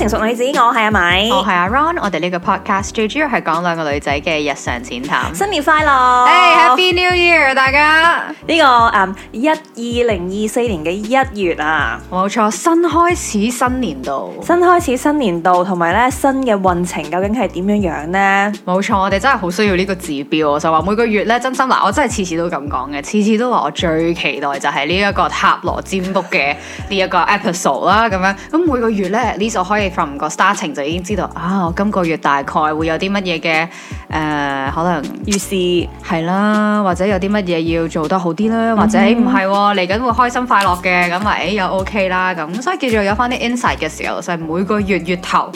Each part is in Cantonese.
成淑女子，我係阿米，哦啊 Ron，我係阿 Ron，我哋呢個 podcast 最主要係講兩個女仔嘅日常淺談。新年快樂，hey，Happy New Year 大家！呢，這個誒一二零二四年嘅一月啊，冇錯，新開始新年度，新開始新年度，同埋咧新嘅運程究竟係點樣樣呢？冇錯，我哋真係好需要呢個指標，我就話每個月咧，真心嗱，我真係次次都咁講嘅，次次都話我最期待就係呢一個塔羅占卜嘅呢一個 episode 啦，咁樣咁每個月咧呢，至少我可以。From 個 starting 就已經知道啊，我今個月大概會有啲乜嘢嘅誒，可能于 You see. 是係啦，或者有啲乜嘢要做得好啲啦，mm hmm. 或者唔係嚟緊會開心快樂嘅咁咪又 OK 啦，咁，所以叫做有翻啲 insight 嘅時候，就係每個月月頭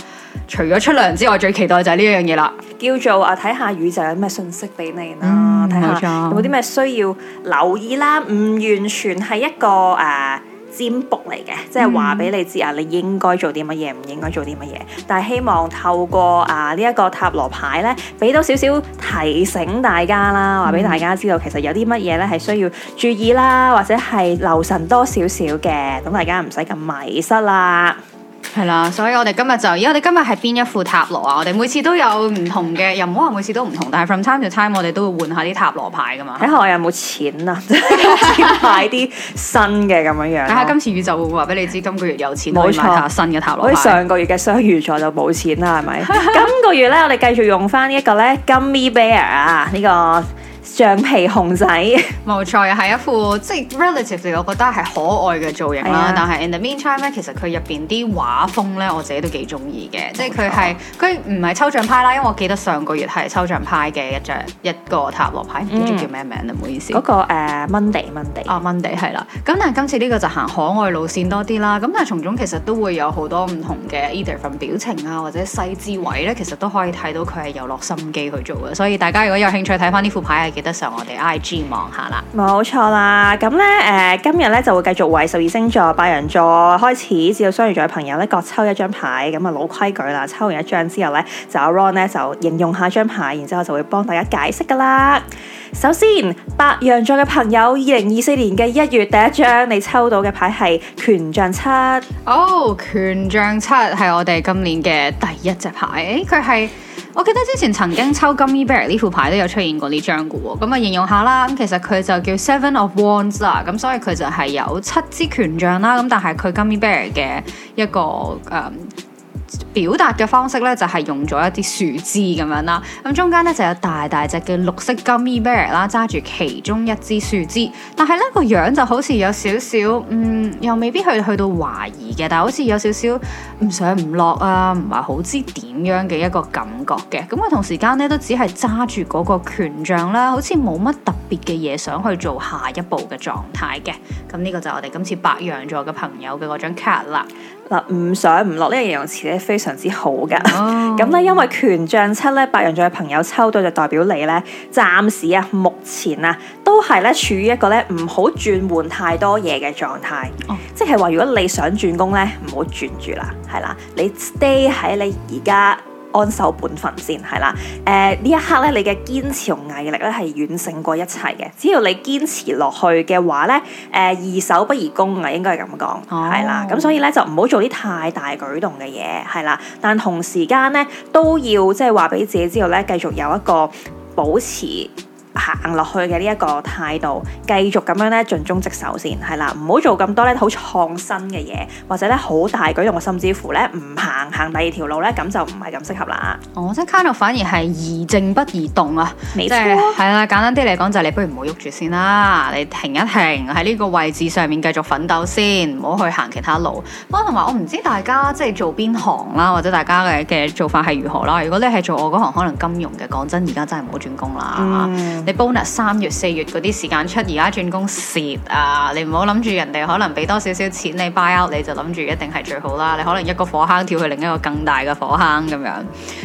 除咗出糧之外，最期待就係呢一樣嘢啦，叫做啊睇下宇宙有咩信息俾你啦，睇下有冇啲咩需要留意啦，唔完全係一個誒。啊占卜嚟嘅，即係話俾你知啊，嗯、你應該做啲乜嘢，唔應該做啲乜嘢。但係希望透過啊呢一個塔羅牌咧，俾多少少提醒大家啦，話俾、嗯、大家知道，其實有啲乜嘢咧係需要注意啦，或者係留神多少少嘅，等大家唔使咁迷失啦。係啦，所以我哋今日就，因我哋今日係邊一副塔羅啊，我哋每次都有唔同嘅，又唔可能每次都唔同，但係 from time to time 我哋都會換下啲塔羅牌噶嘛。睇下我有冇錢啊， 買啲新嘅咁樣樣。睇下今次宇宙會唔會話俾你知今個月有錢錯可以買下新嘅塔羅牌。我哋上個月嘅雙魚座就冇錢啦，係咪？ 今個月咧，我哋繼續用翻呢一個咧，金咪 bear 啊、這、呢個。橡皮熊仔，冇錯啊，係一副即係 relatively 我覺得係可愛嘅造型啦。啊、但係 in the meantime 咧，其實佢入邊啲畫風咧，我自己都幾中意嘅，即係佢係佢唔係抽象派啦，因為我記得上個月係抽象派嘅一張一個塔羅牌，唔記得叫咩名唔好意思。嗰、那個 Monday，Monday 啊、uh, Monday 係啦、oh,。咁但係今次呢個就行可愛路線多啲啦。咁但係從中其實都會有好多唔同嘅 either 份表情啊，或者細節位咧，其實都可以睇到佢係有落心機去做嘅。所以大家如果有興趣睇翻呢副牌記得上我哋 I G 望下啦，冇錯啦。咁呢，誒、呃，今日呢就會繼續為十二星座、白羊座開始，至到雙魚座嘅朋友咧，各抽一張牌，咁啊老規矩啦，抽完一張之後呢，就阿 Ron 呢就應用下張牌，然之後就會幫大家解釋噶啦。首先，白羊座嘅朋友，二零二四年嘅一月第一張你抽到嘅牌係權杖七。哦，權杖七係我哋今年嘅第一隻牌，佢係。我記得之前曾經抽 Gummy Bear 呢副牌都有出現過呢張嘅喎。咁啊，形容下啦，咁其實佢就叫 Seven of Wands 啊，咁所以佢就係有七支權杖啦，咁但係佢 Gummy Bear 嘅一個誒。Um, 表達嘅方式咧，就係、是、用咗一啲樹枝咁樣啦。咁、嗯、中間呢，就有大大隻嘅綠色 gummy bear 啦，揸住其中一支樹枝。但係呢個樣就好似有少少，嗯，又未必去去到懷疑嘅，但係好似有少少唔上唔落啊，唔係好知點樣嘅一個感覺嘅。咁、嗯、我同時間呢，都只係揸住嗰個權杖啦，好似冇乜特別嘅嘢想去做下一步嘅狀態嘅。咁呢個就係我哋今次白羊座嘅朋友嘅嗰張 card 啦。嗱，唔上唔落呢個形容詞咧，非常之好噶。咁咧，因為權杖七咧，白羊座嘅朋友抽到就代表你咧，暫時啊、目前啊，都係咧處於一個咧唔好轉換太多嘢嘅狀態。Oh. 即係話如果你想轉工咧，唔好轉住啦，係啦，你 stay 喺你而家。安守本分先，係啦。誒、呃、呢一刻咧，你嘅堅持同毅力咧係遠勝過一切嘅。只要你堅持落去嘅話咧，誒易守不易攻啊，應該係咁講，係、哦、啦。咁所以咧就唔好做啲太大舉動嘅嘢，係啦。但同時間咧都要即係話俾自己知道咧，繼續有一個保持。行落去嘅呢一個態度，繼續咁樣咧盡忠職守先，係啦，唔好做咁多咧好創新嘅嘢，或者咧好大舉動，甚至乎咧唔行行第二條路咧，咁就唔係咁適合啦。哦，即係卡諾反而係宜靜不宜動啊，即係係啦，簡單啲嚟講就係你不如唔好喐住先啦，你停一停喺呢個位置上面繼續奮鬥先，唔好去行其他路。不過同埋我唔知大家即係、就是、做邊行啦，或者大家嘅嘅做法係如何啦。如果你係做我嗰行可能金融嘅，講真而家真係唔好轉工啦。嗯你 bonus 三月四月嗰啲時間出，而家轉工蝕啊！你唔好諗住人哋可能俾多少少錢你 buy out，你就諗住一定係最好啦。你可能一個火坑跳去另一個更大嘅火坑咁樣，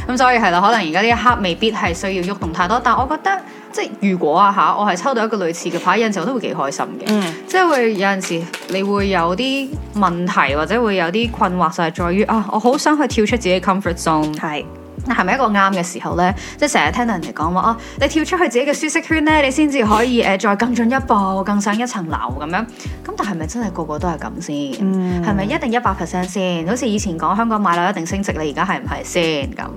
咁所以係啦，可能而家呢一刻未必係需要喐動太多，但我覺得即係如果啊嚇，我係抽到一個類似嘅牌，有陣時候我都會幾開心嘅，嗯、即係會有陣時你會有啲問題或者會有啲困惑，就係、是、在於啊，我好想去跳出自己 comfort zone。係咪一個啱嘅時候呢？即係成日聽到人哋講話，哦，你跳出去自己嘅舒適圈呢，你先至可以誒，再更進一步，更上一層樓咁樣。咁但係咪真係個個都係咁、嗯、先？係咪一定一百 percent 先？好似以前講香港買樓一定升值，你而家係唔係先？咁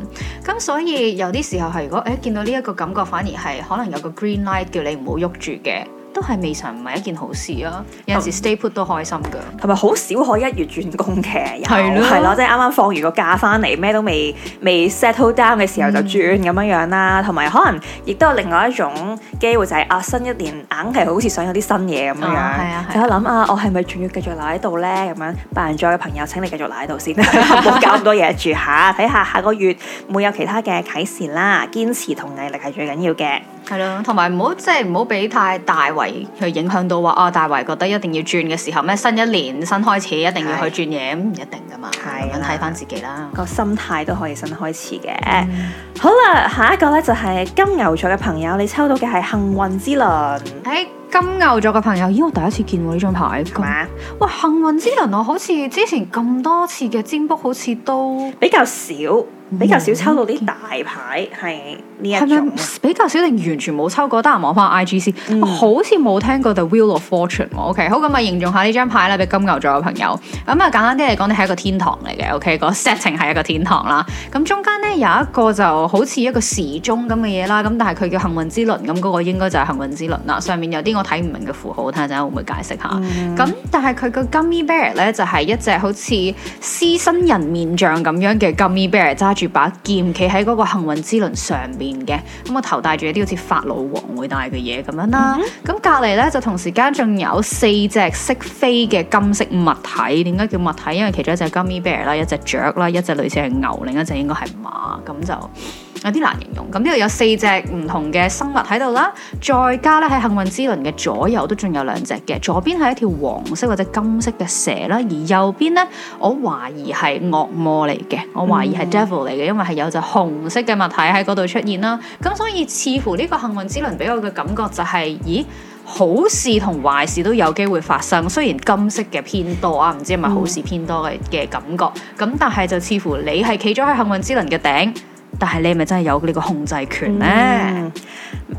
咁所以有啲時候係如果誒、欸、見到呢一個感覺，反而係可能有個 green light 叫你唔好喐住嘅。都係未嘗唔係一件好事啊！嗯、有陣時 stay put 都開心噶，同埋好少可一月轉工嘅，係咯，係咯的，即係啱啱放完個假翻嚟，咩都未未 settle down 嘅時候就轉咁、嗯、樣樣、啊、啦。同埋可能亦都有另外一種機會、就係，就、啊、係新一年硬係好似想有啲新嘢咁、哦、樣，哦、就諗的啊，我係咪仲要繼續留喺度咧？咁樣，八人再嘅朋友，請你繼續留喺度先，冇 搞咁多嘢住下，睇、啊、下下個月會有其他嘅啟示啦。堅持同毅力係最緊要嘅。係咯，同埋唔好即係唔好俾太大圍去影響到，話啊大圍覺得一定要轉嘅時候咩？新一年新開始一定要去轉嘢，唔對 一定噶嘛。係咁睇翻自己啦，個心態都可以新開始嘅。嗯、好啦，下一個呢就係金牛座嘅朋友，你抽到嘅係幸運之輪。誒、哎，金牛座嘅朋友，咦我第一次見過呢張牌。咩嗎？哇幸運之輪啊，好似之前咁多次嘅占卜好，好似都比較少。比較少抽到啲大牌，係呢一種。比較少定完全冇抽過？得閒望翻 IGC。我好似冇聽過 The Wheel of Fortune、okay？OK，好咁啊，形容下呢張牌啦，俾金牛座嘅朋友。咁、嗯、啊，簡單啲嚟講，你係一個天堂嚟嘅。O、okay? K，個 setting 係一個天堂啦。咁中間呢有一個就好似一個時鐘咁嘅嘢啦。咁但係佢叫幸運之輪，咁、那、嗰個應該就係幸運之輪啦。上面有啲我睇唔明嘅符號，睇下陣間會唔會解釋下。咁、嗯、但係佢個 Gummy Bear 咧就係、是、一隻好似獅身人面像咁樣嘅 Gummy Bear 揸住住把劍，企喺嗰個幸運之輪上邊嘅，咁我頭戴住一啲好似法老王會戴嘅嘢咁樣啦。咁隔離呢，就同時間仲有四隻識飛嘅金色物體。點解叫物體？因為其中一隻金咪 Bear 啦，一隻雀啦，一隻類似係牛，另一隻應該係馬。咁就。有啲難形容，咁呢度有四隻唔同嘅生物喺度啦，再加呢喺幸運之輪嘅左右都仲有兩隻嘅，左邊係一條黃色或者金色嘅蛇啦，而右邊呢，我懷疑係惡魔嚟嘅，我懷疑係 devil 嚟嘅，嗯、因為係有隻紅色嘅物體喺嗰度出現啦，咁所以似乎呢個幸運之輪俾我嘅感覺就係、是，咦，好事同壞事都有機會發生，雖然金色嘅偏多啊，唔知係咪好事偏多嘅嘅感覺，咁、嗯、但係就似乎你係企咗喺幸運之輪嘅頂。但係你咪真係有呢個控制權咧？誒，mm.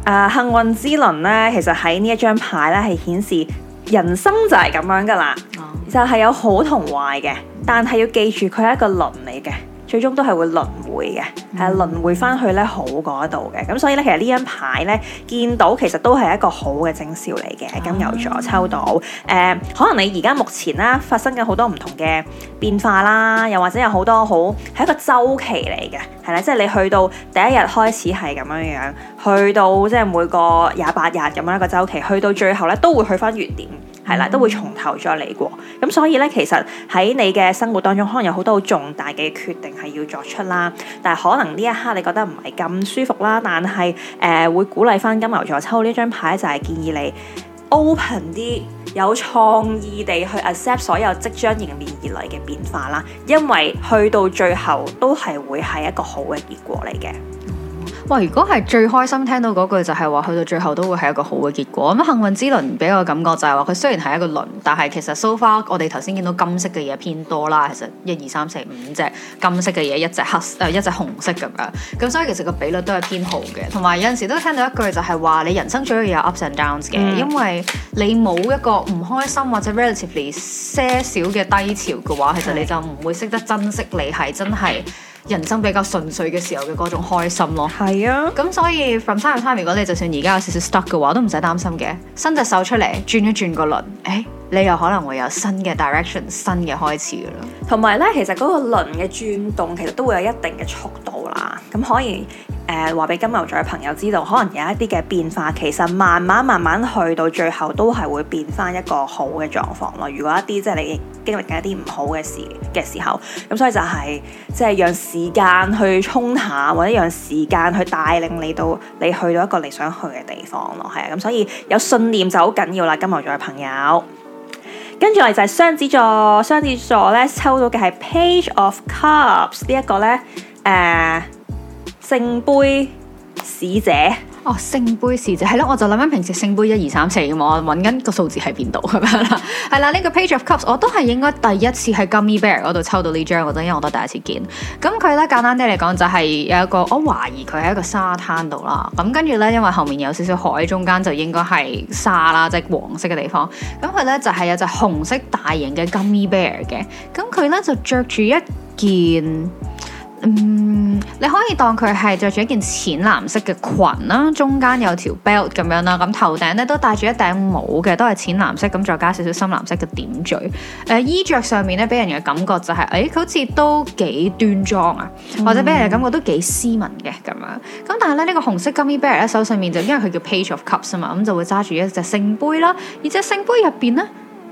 uh, 幸運之輪咧，其實喺呢一張牌咧係顯示人生就係咁樣噶啦，oh. 就係有好同壞嘅，但係要記住佢係一個輪嚟嘅。最終都係會輪迴嘅，係啊、嗯，輪迴翻去咧好嗰度嘅，咁所以咧其實呢一張牌咧見到其實都係一個好嘅徵兆嚟嘅，咁有咗抽到，誒、呃，可能你而家目前啦發生緊好多唔同嘅變化啦，又或者有好多好係一個週期嚟嘅，係啦，即、就、係、是、你去到第一日開始係咁樣樣，去到即係每個廿八日咁樣一個週期，去到最後咧都會去翻原點。係啦，都會從頭再嚟過咁，所以咧，其實喺你嘅生活當中，可能有好多好重大嘅決定係要作出啦。但係可能呢一刻你覺得唔係咁舒服啦，但係誒、呃，會鼓勵翻金牛座抽呢張牌就係建議你 open 啲，有創意地去 accept 所有即將迎面而來嘅變化啦，因為去到最後都係會係一個好嘅結果嚟嘅。哇！如果係最開心聽到嗰句就係話去到最後都會係一個好嘅結果。咁幸運之輪俾我感覺就係話佢雖然係一個輪，但係其實 so far 我哋頭先見到金色嘅嘢偏多啦，其實一二三四五隻金色嘅嘢，一隻黑誒、呃、一隻紅色咁樣，咁所以其實個比率都係偏好嘅。同埋有陣時都聽到一句就係話你人生最要有 ups and downs 嘅，嗯、因為你冇一個唔開心或者 relatively 些少嘅低潮嘅話，其實你就唔會識得珍惜你係真係。人生比較純粹嘅時候嘅嗰種開心咯，係啊，咁所以 from time to time，如果你就算而家有少少 stuck 嘅話，都唔使擔心嘅，伸隻手出嚟轉一轉個輪，誒、哎，你又可能會有新嘅 direction、新嘅開始噶啦。同埋咧，其實嗰個輪嘅轉動其實都會有一定嘅速度。咁可以誒，話、呃、俾金牛座嘅朋友知道，可能有一啲嘅變化，其實慢慢慢慢去到最後都係會變翻一個好嘅狀況咯。如果一啲即係你經歷緊一啲唔好嘅事嘅時候，咁所以就係即係讓時間去衝下，或者讓時間去帶領你到你去到一個你想去嘅地方咯。係啊，咁所以有信念就好緊要啦，金牛座嘅朋友。跟住嚟就係雙子座，雙子座咧，抽到嘅係 Page of Cups 呢一個咧。誒，聖、uh, 杯使者哦，聖杯使者係咯，我就諗緊平時聖杯一二三四咁我搵緊個數字喺邊度咁樣啦，係啦呢個 Page of Cups 我都係應該第一次喺 Gummy Bear 嗰度抽到呢張嗰陣，因為我都第一次見。咁佢咧簡單啲嚟講就係有一個，我懷疑佢喺一個沙灘度啦。咁跟住咧，因為後面有少少海，中間就應該係沙啦，即、就、係、是、黃色嘅地方。咁佢咧就係、是、有隻紅色大型嘅 Gummy Bear 嘅，咁佢咧就着住一件。嗯，你可以當佢係着住一件淺藍色嘅裙啦，中間有條 belt 咁樣啦，咁頭頂咧都戴住一頂帽嘅，都係淺藍色，咁再加少少深藍色嘅點綴。誒、呃，衣着上面咧，俾人嘅感覺就係、是，誒、欸，佢好似都幾端莊啊，嗯、或者俾人嘅感覺都幾斯文嘅咁樣。咁但係咧，呢、這個紅色金衣 bear 呢，手上面就因為佢叫 Page of Cups 啊嘛，咁就會揸住一隻聖杯啦，而隻聖杯入邊呢，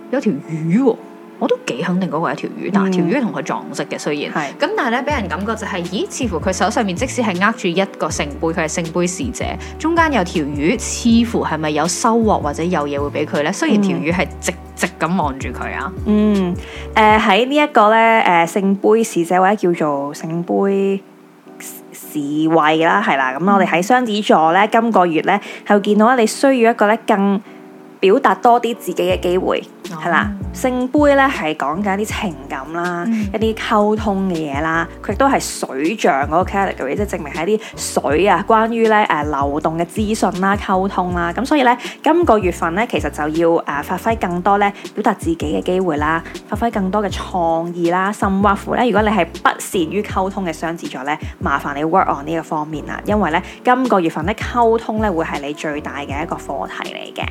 有條魚、哦。我都幾肯定嗰個係一條魚，但係條魚同佢撞色嘅，嗯、雖然係咁，是但係咧俾人感覺就係、是，咦？似乎佢手上面即使係握住一個聖杯，佢係聖杯侍者，中間有條魚，似乎係咪有收穫或者有嘢會俾佢咧？嗯、雖然條魚係直直咁望住佢啊。嗯，誒、呃、喺呢一個咧，誒、呃、聖杯侍者或者叫做聖杯侍衛啦，係啦，咁、嗯、我哋喺雙子座咧，今個月咧係會見到你需要一個咧更表達多啲自己嘅機會。係啦、嗯，聖杯咧係講緊一啲情感啦，嗯、一啲溝通嘅嘢啦，佢亦都係水象嗰個 category，即係證明係一啲水啊，關於咧誒、呃、流動嘅資訊啦、溝通啦，咁所以咧今個月份咧其實就要誒、呃、發揮更多咧表達自己嘅機會啦，發揮更多嘅創意啦，甚至乎咧如果你係不善於溝通嘅雙子座咧，麻煩你 work on 呢個方面啦，因為咧今個月份咧溝通咧會係你最大嘅一個課題嚟嘅。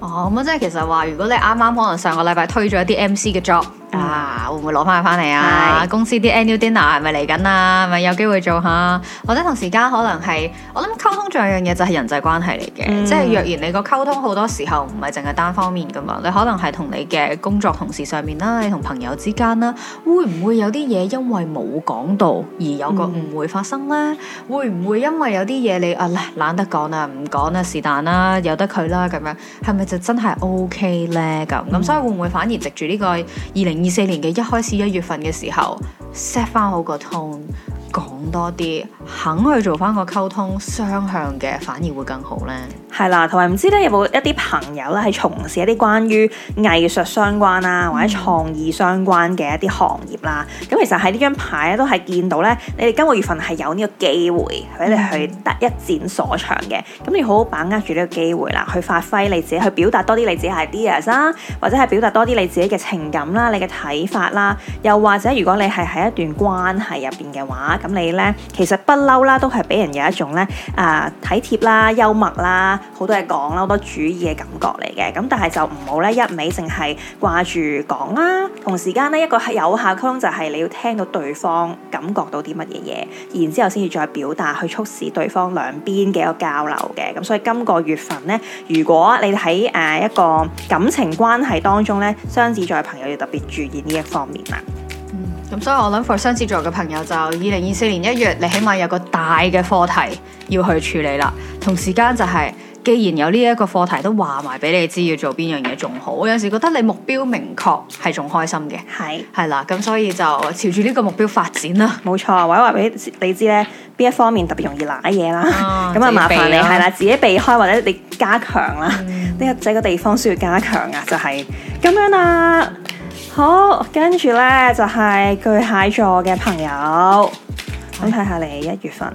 哦，咁、嗯、啊，即係其實話如果你啱啱可能上個禮拜推咗一啲 MC 嘅 job。嗯、啊，會唔會攞翻佢翻嚟啊？是公司啲 annual dinner 係咪嚟緊啊？係咪有機會做下、啊，或者同時間可能係我諗溝通仲有一樣嘢就係人際關係嚟嘅，嗯、即係若然你個溝通好多時候唔係淨係單方面噶嘛，你可能係同你嘅工作同事上面啦，你同朋友之間啦，會唔會有啲嘢因為冇講到而有個誤會發生呢？嗯、會唔會因為有啲嘢你啊懶得講啊唔講啊是但啦，由得佢啦咁樣，係咪就真係 OK 呢？咁咁、嗯、所以會唔會反而藉住呢個二零二四年嘅一開始一月份嘅時候 set 返好個 tone，講多啲，肯去做返個溝通雙向嘅反而會更好呢？係啦，同埋唔知咧有冇一啲朋友咧，係從事一啲關於藝術相關啦、啊，或者創意相關嘅一啲行業啦、啊。咁其實喺呢張牌咧，都係見到咧，你哋今個月份係有呢個機會，俾你去得一展所長嘅。咁你好好把握住呢個機會啦，去發揮你自己，去表達多啲你自己 ideas 啦、啊，或者係表達多啲你自己嘅情感啦、啊、你嘅睇法啦、啊。又或者如果你係喺一段關係入邊嘅話，咁你咧其實不嬲啦，都係俾人有一種咧啊、呃、體貼啦、幽默啦。好多嘢講啦，好多主意嘅感覺嚟嘅。咁但係就唔好咧，一味淨係掛住講啦。同時間呢，一個有效溝通就係你要聽到對方感覺到啲乜嘢嘢，然之後先至再表達，去促使對方兩邊嘅一個交流嘅。咁所以今個月份呢，如果你喺誒一個感情關係當中呢，雙子座嘅朋友要特別注意呢一方面啦。嗯，咁所以我諗，for 雙子座嘅朋友就二零二四年一月，你起碼有個大嘅課題要去處理啦。同時間就係、是。既然有呢一個課題，都話埋俾你知要做邊樣嘢仲好，我有時覺得你目標明確係仲開心嘅。係係啦，咁所以就朝住呢個目標發展啦。冇錯，或者話俾你知呢邊一方面特別容易揦嘢啦，咁啊、哦、 麻煩你係啦，啦，自己避開或者你加強啦，呢個這個地方需要加強啊，就係、是、咁樣啦、啊。好，跟住呢，就係、是、巨蟹座嘅朋友，咁睇下你一月份。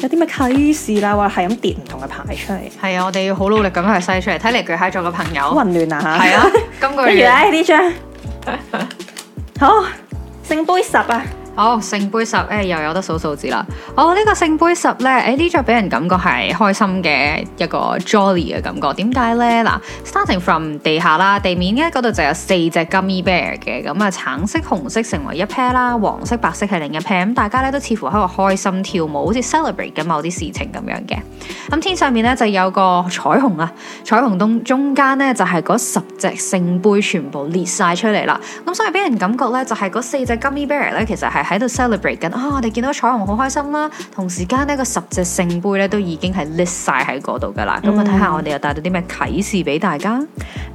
有啲咩啟示啦，話係咁跌唔同嘅牌出嚟。係啊，我哋要好努力咁樣去篩出嚟，睇嚟巨蟹座嘅朋友好混亂啊嚇。係 啊，今個月不如咧呢張 好聖杯十啊！哦，oh, 聖杯十，誒、哎、又有得數數字啦！哦，呢個聖杯十呢，誒呢張俾人感覺係開心嘅一個 jolly 嘅感覺。點解呢？嗱，starting from 地下啦，地面呢嗰度就有四隻金衣 bear 嘅，咁、嗯、啊橙色、紅色成為一 pair 啦，黃色、白色係另一 pair。咁、嗯、大家呢都似乎喺度開心跳舞，好似 celebrate 緊某啲事情咁樣嘅。咁、嗯、天上面呢就有個彩虹啊，彩虹中中間呢就係、是、嗰十隻聖杯全部列晒出嚟啦。咁、嗯、所以俾人感覺呢就係、是、嗰四隻金衣 bear 呢其實係。喺度 celebrate 緊，啊！我哋見到彩虹好開心啦，同時間呢個十隻聖杯咧都已經係 list 晒喺嗰度㗎喇。咁啊、嗯，睇下我哋又帶到啲咩啟示俾大家。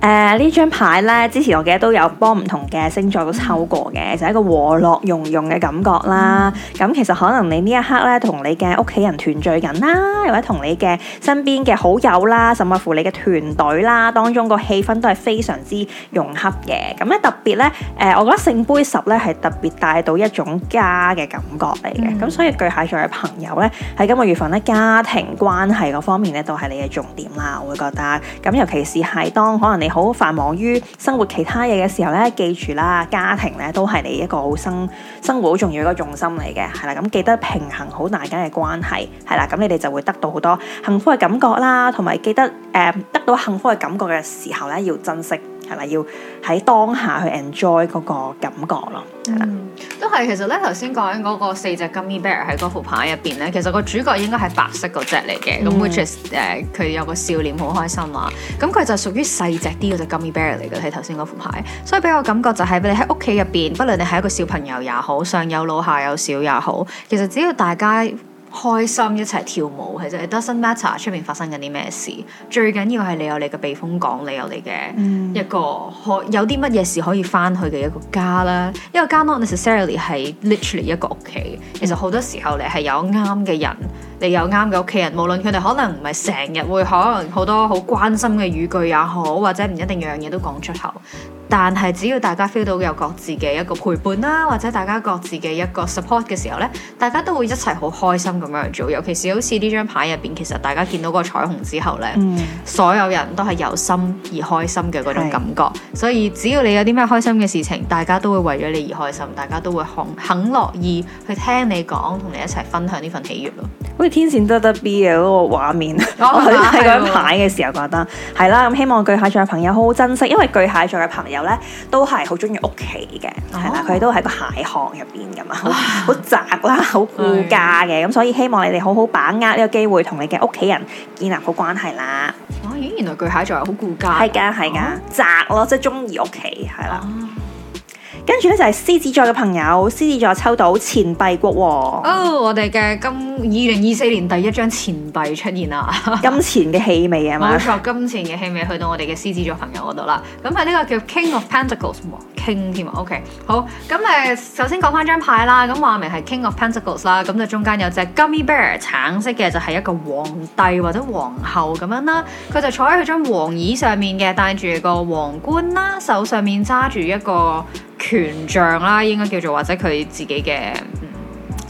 誒呢張牌呢，之前我記得都有幫唔同嘅星座都抽過嘅，就係、mm hmm. 一個和樂融融嘅感覺啦。咁、mm hmm. 嗯、其實可能你呢一刻呢，同你嘅屋企人團聚緊啦，又或者同你嘅身邊嘅好友啦，甚至乎你嘅團隊啦，當中個氣氛都係非常之融洽嘅。咁、嗯、咧特別呢，誒、呃、我覺得聖杯十呢係特別帶到一種家嘅感覺嚟嘅。咁、mm hmm. 嗯、所以巨蟹座嘅朋友呢，喺今個月份呢，家庭關係嗰方面呢，都係你嘅重點啦。我會覺得，咁尤其是係當可能你，好繁忙於生活其他嘢嘅時候呢，記住啦，家庭呢都係你一個好生生活好重要一個重心嚟嘅，係啦，咁記得平衡好大家嘅關係，係啦，咁你哋就會得到好多幸福嘅感覺啦，同埋記得誒、呃、得到幸福嘅感覺嘅時候呢，要珍惜。係啦，要喺當下去 enjoy 嗰個感覺咯。係啦，嗯，都係的。其實咧，頭先講緊嗰個四隻 gummy bear 喺嗰副牌入邊咧，其實個主角應該係白色嗰隻嚟嘅。咁、嗯、which is 誒、呃，佢有個笑臉，好開心啊。咁佢就屬於細隻啲嗰隻 gummy bear 嚟嘅，喺頭先嗰副牌。所以俾我感覺就係，你喺屋企入邊，不論你係一個小朋友也好，上有老下有小也好，其實只要大家。開心一齊跳舞，其實係 doesn't matter 出面發生緊啲咩事，最緊要係你有你嘅避風港，你有你嘅一個、嗯、可有啲乜嘢事可以翻去嘅一個家啦。一個家 not necessarily 係 literally 一個屋企，其實好多時候你係有啱嘅人，你有啱嘅屋企人，無論佢哋可能唔係成日會可能好多好關心嘅語句也好，或者唔一定樣嘢都講出口。但係只要大家 feel 到有各自嘅一個陪伴啦，或者大家各自嘅一個 support 嘅時候呢，大家都會一齊好開心咁樣做。尤其是好似呢張牌入邊，其實大家見到個彩虹之後呢，嗯、所有人都係由心而開心嘅嗰種感覺。是所以只要你有啲咩開心嘅事情，大家都會為咗你而開心，大家都會肯肯樂意去聽你講，同你一齊分享呢份喜悅咯。好似天線得得 B 嘅嗰個畫面，我睇嗰張牌嘅時候覺得係的啦。咁希望巨蟹座嘅朋友好好珍惜，因為巨蟹座嘅朋友。咧，都係好中意屋企嘅，係啦、oh.，佢都喺個蟹殼入邊噶嘛，好好宅啦，好顧家嘅，咁、oh. 所以希望你哋好好把握呢個機會，同你嘅屋企人建立好關係啦。哦，咦，原來巨蟹座係好顧家，係噶，係噶宅咯，即係中意屋企，係啦、oh. 啊。就是跟住呢就係獅子座嘅朋友，獅子座抽到錢幣國王喎。哦，oh, 我哋嘅今二零二四年第一張錢幣出現啦， 金錢嘅氣味啊嘛。冇 錯，金錢嘅氣味去到我哋嘅獅子座朋友嗰度啦。咁係呢個叫 King of Pentacles King 添啊。King, OK，好。咁誒，首先講翻張牌啦。咁話明係 King of Pentacles 啦。咁就中間有隻 Gummy Bear，橙色嘅就係一個皇帝或者皇后咁樣啦。佢就坐喺佢張王椅上面嘅，戴住個皇冠啦，手上面揸住一個。權杖啦，應該叫做或者佢自己嘅、嗯、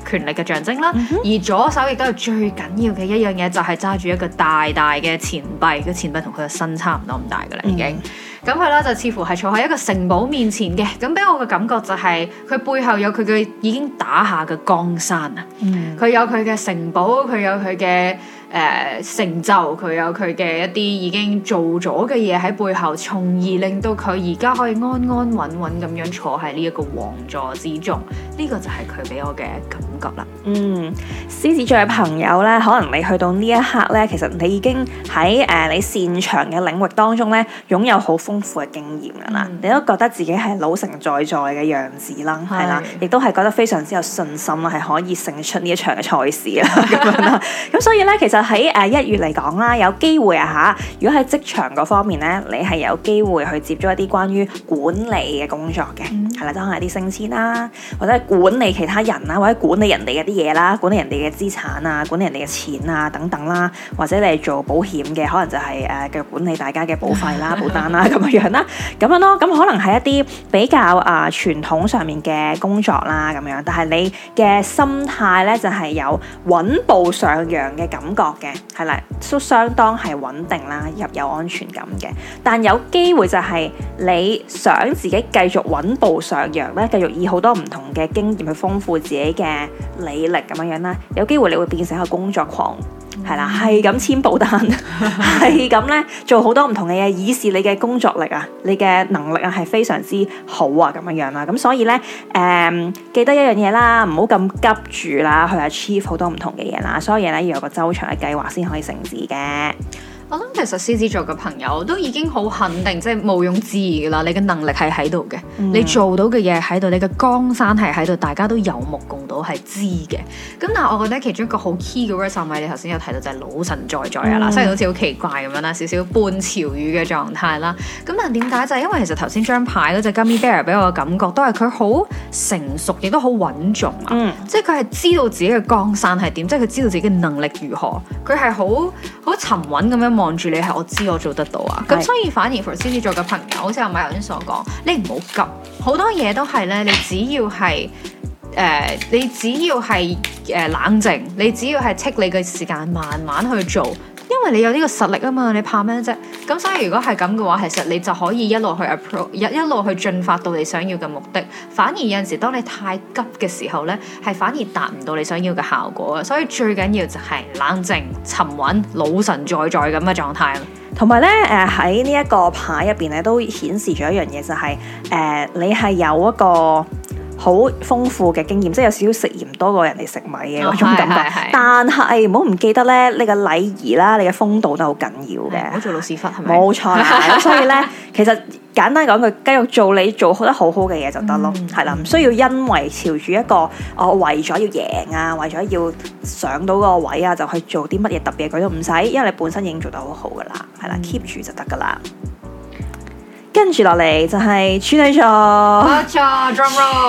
權力嘅象徵啦。Mm hmm. 而左手亦都係最緊要嘅一樣嘢，就係揸住一個大大嘅錢幣，個錢幣同佢嘅身差唔多咁大㗎啦已經。咁佢呢就似乎係坐喺一個城堡面前嘅。咁俾我嘅感覺就係佢背後有佢嘅已經打下嘅江山啊。佢、mm hmm. 有佢嘅城堡，佢有佢嘅。誒、呃、成就佢有佢嘅一啲已經做咗嘅嘢喺背後，從而令到佢而家可以安安穩穩咁樣坐喺呢一個王座之中。呢個就係佢俾我嘅感覺啦。嗯，獅子座嘅朋友呢，可能你去到呢一刻呢，其實你已經喺誒、呃、你擅長嘅領域當中呢，擁有好豐富嘅經驗噶啦。嗯、你都覺得自己係老成在在嘅樣子是啦，係啦，亦都係覺得非常之有信心啦，係可以勝出呢一場嘅賽事啦咁樣啦。咁、 嗯、所以呢，其實喺誒一月嚟講啦，有機會啊嚇，如果喺職場嗰方面呢，你係有機會去接觸一啲關於管理嘅工作嘅，係啦、嗯，當係啲升遷啦，或者。管理其他人啦，或者管理人哋嘅啲嘢啦，管理人哋嘅資產啊，管理人哋嘅錢啊等等啦，或者你係做保險嘅，可能就係、是、誒、呃，繼續管理大家嘅保費啦、保單啦咁樣樣啦，咁樣咯，咁可能係一啲比較啊傳、呃、統上面嘅工作啦咁樣，但係你嘅心態咧就係、是、有穩步上揚嘅感覺嘅，係啦，都相當係穩定啦，入有安全感嘅，但有機會就係你想自己繼續穩步上揚咧，繼續以好多唔同嘅，經驗去豐富自己嘅履歷咁樣樣啦，有機會你會變成一個工作狂，係啦、mm，係、hmm，咁簽保單，係咁咧做好多唔同嘅嘢，以示你嘅工作力啊，你嘅能力啊係非常之好啊咁樣樣啦，咁所以咧誒、嗯、記得一樣嘢啦，唔好咁急住啦去 achieve 好多唔同嘅嘢啦，所有嘢咧要有個周詳嘅計劃先可以成事嘅。其實獅子座嘅朋友都已經好肯定，即、就、係、是、毋庸置疑啦。你嘅能力係喺度嘅，嗯、你做到嘅嘢喺度，你嘅江山係喺度，大家都有目共睹，係知嘅。咁但係我覺得其中一個好 key 嘅 words 係咪？你頭先有提到就係老神在在啊，嗱、嗯，雖然好似好奇怪咁樣啦，少少半潮語嘅狀態啦。咁但係點解？就係、是、因為其實頭先張牌嗰隻 Gummy Bear 俾我嘅感覺，都係佢好成熟，亦都好穩重啊。嗯、即係佢係知道自己嘅江山係點，即係佢知道自己嘅能力如何。佢係好好沉穩咁樣望住。你係我知我做得到啊是，咁所以反而 for 獅子座嘅朋友，好似阿米頭先所講，你唔好急，好多嘢都係咧，你只要係誒、呃，你只要係誒冷靜，你只要係 take、呃、你嘅時間，慢慢去做。因為你有呢個實力啊嘛，你怕咩啫？咁所以如果係咁嘅話，其實你就可以一路去 approach 一一路去進發到你想要嘅目的。反而有陣時，當你太急嘅時候呢，係反而達唔到你想要嘅效果啊。所以最緊要就係冷靜、沉穩、老神在在咁嘅狀態。同埋呢，誒喺呢一個牌入邊咧，都顯示咗一樣嘢，就係、是、誒、呃、你係有一個。好豐富嘅經驗，即係有少少食鹽多過人哋食米嘅嗰、哦、種感覺。係係係，但係唔好唔記得咧，你嘅禮儀啦，你嘅風度都好緊要嘅。唔好做老屎忽係咪？冇錯啦。 所以咧，其實簡單講句，繼續做你做得好得好好嘅嘢就得咯。係啦、嗯，唔需要因為朝住一個我為咗要贏啊，為咗要上到個位啊，就去做啲乜嘢特別嘅。佢都唔使，因為你本身已經做得好好噶啦。係啦，keep 住就得噶啦。跟住落嚟就係處女座，冇錯，drum roll，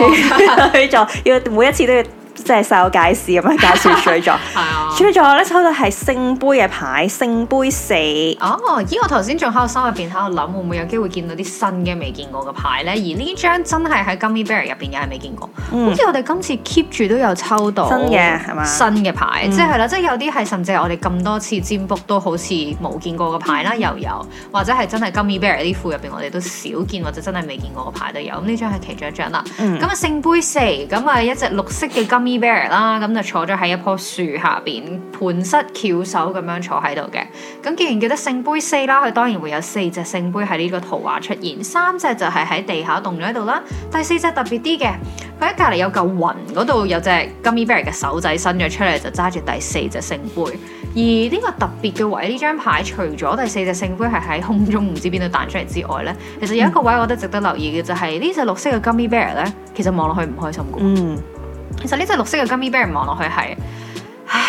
處女座要每一次都要。即係細佬解釋咁樣，解釋處女座，係啊，處女座咧，抽到係聖杯嘅牌，聖杯四。哦，咦，我頭先仲喺我心入邊喺度諗，想想會唔會有機會見到啲新嘅未見過嘅牌咧？而呢張真係喺《Gummy Berry》入邊又係未見過，嗯、好似我哋今次 keep 住都有抽到新嘅係嘛？新嘅牌，嗯、即係啦，即係有啲係甚至我哋咁多次占卜都好似冇見過嘅牌啦，嗯、又有或者係真係《Gummy Berry》呢副入邊我哋都少見或者真係未見過嘅牌都有。咁呢張係其中一張啦。咁啊聖杯四，咁啊一隻綠色嘅金。 Gummy Bear 啦，咁就坐咗喺一棵樹下邊盤膝翹手咁樣坐喺度嘅。咁既然叫做聖杯四啦，佢當然會有四隻聖杯喺呢個圖畫出現。三隻就係喺地下動咗喺度啦，第四隻特別啲嘅，佢喺隔籬有嚿雲嗰度，有隻 Gummy Bear 嘅手仔伸咗出嚟，就揸住第四隻聖杯。而呢個特別嘅位，呢張牌除咗第四隻聖杯係喺空中唔知邊度彈出嚟之外呢，其實有一個位我覺得值得留意嘅就係呢隻綠色嘅 Gummy Bear 咧，其實望落去唔開心嗯。其實呢隻綠色嘅 Gummy Bear 俾人望落去係、嗯，唉，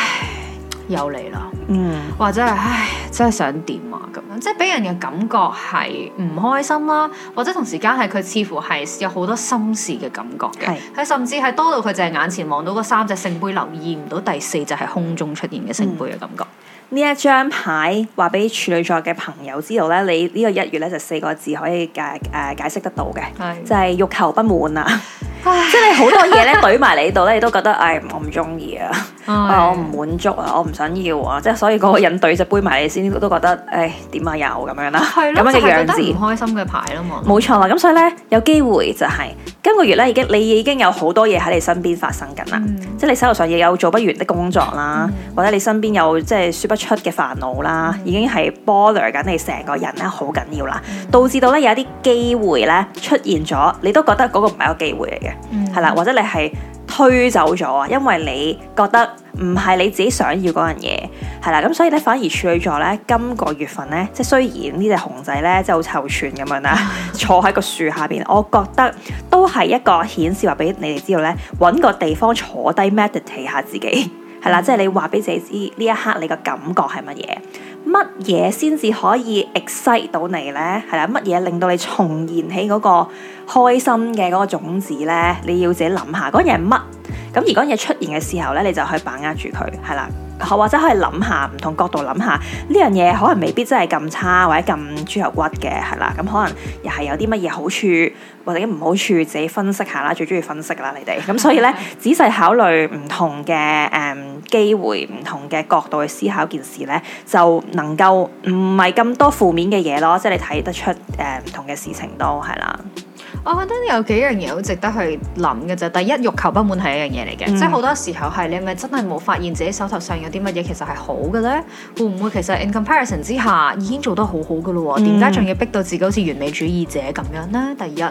又嚟啦，嗯，或者係唉，真係想點啊咁，即係俾人嘅感覺係唔開心啦，或者同時間係佢似乎係有好多心事嘅感覺嘅，佢是甚至係多到佢就係眼前望到嗰三隻聖杯，留意唔到第四隻係空中出現嘅聖杯嘅感覺。呢、嗯、一張牌話俾處女座嘅朋友知道咧，你呢個一月咧就四個字可以解誒解釋得到嘅，係是就係欲求不滿啊。即係好多嘢咧，懟埋你度咧，你都覺得唉，我唔中意啊，我唔滿足啊，我唔想要啊，即係所以嗰個人懟隻杯埋你先，都覺得唉，點啊又咁樣啦，咁樣嘅樣子唔開心嘅牌啦嘛，冇錯啦。咁所以咧，有機會就係今個月咧，已經你已經有好多嘢喺你身邊發生緊啦。即係你手頭上又有做不完的工作啦，或者你身邊有即係說不出嘅煩惱啦，已經係 bother 緊你成個人咧，好緊要啦，導致到咧有一啲機會咧出現咗，你都覺得嗰個唔係個機會嚟嘅。嗯，係啦，或者你係推走咗啊，因為你覺得唔係你自己想要嗰樣嘢，係啦，咁所以咧，反而處女座咧，今個月份咧，即係雖然呢隻熊仔咧，即係好臭串咁樣啦， 坐喺個樹下邊，我覺得都係一個顯示話俾你哋知道咧，搵個地方坐低 meditate 下自己，係啦，即係你話俾自己知呢一刻你嘅感覺係乜嘢。乜嘢先至可以 excite 到你呢？係啦，乜嘢令到你重燃起嗰個開心嘅嗰個種子呢？你要自己諗下，嗰樣係乜？咁如果樣嘢出現嘅時候呢，你就可以把握住佢，係啦，或者可以諗下唔同角度諗下，呢樣嘢可能未必真係咁差或者咁豬頭骨嘅，係啦，咁可能又係有啲乜嘢好處。或者唔好處，自己分析下啦，最鍾意分析啦，你哋咁，所以呢，仔細考慮唔同嘅誒、嗯、機會，唔同嘅角度去思考件事呢，就能夠唔係咁多負面嘅嘢咯，即係你睇得出誒、嗯、唔同嘅事情都係啦。我覺得有幾樣嘢好值得去諗嘅，就第一，欲求不滿係一樣嘢嚟嘅。嗯、即係好多時候係你係咪真係冇發現自己手頭上有啲乜嘢其實係好嘅呢？會唔會其實 in comparison 之下已經做得好好嘅咯？點解仲要逼到自己好似完美主義者咁樣呢？第一，第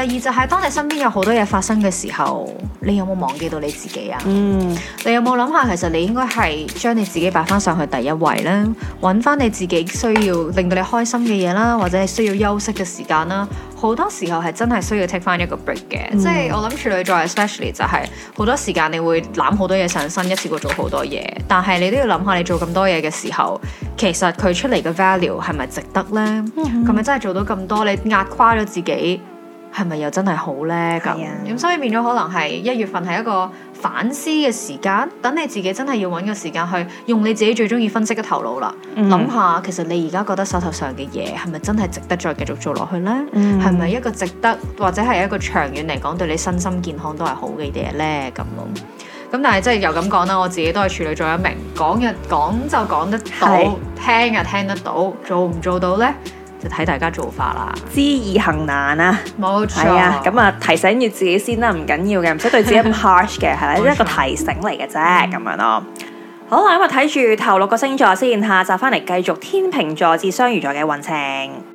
二就係當你身邊有好多嘢發生嘅時候，你有冇忘記到你自己啊？嗯，你有冇諗下其實你應該係將你自己擺翻上去第一位咧，揾翻你自己需要令到你開心嘅嘢啦，或者係需要休息嘅時間啦。好多時候係真係需要 take 翻一個 break 嘅，嗯、即係我諗處女座 especially 就係、是、好多時間你會攬好多嘢上身，一次過做好多嘢，但係你都要諗下你做咁多嘢嘅時候，其實佢出嚟嘅 value 係咪值得呢？咁咪、嗯嗯、真係做到咁多，你壓垮咗自己，係咪又真係好呢？咁咁是、啊、所以變咗可能係一月份係一個。反思嘅時間，等你自己真係要揾個時間去用你自己最中意分析嘅頭腦啦，諗、mm hmm. 下其實你而家覺得手頭上嘅嘢係咪真係值得再繼續做落去呢？係咪、mm hmm. 一個值得或者係一個長遠嚟講對你身心健康都係好嘅嘢呢？咁囉，咁，但係即係又咁講啦，我自己都係處女座一名，講日講就講得到，是聽就聽得到，做唔做到呢？就睇大家做法啦，知易行難啊，冇錯錯，係啊、哎，咁啊提醒住自己先啦，唔緊要嘅，唔使對自己咁 harsh 嘅， 係啦， 一個提醒嚟嘅啫，咁 樣咯。好啦，咁啊睇住頭六個星座先，下集翻嚟繼續天秤座至雙魚座嘅運程。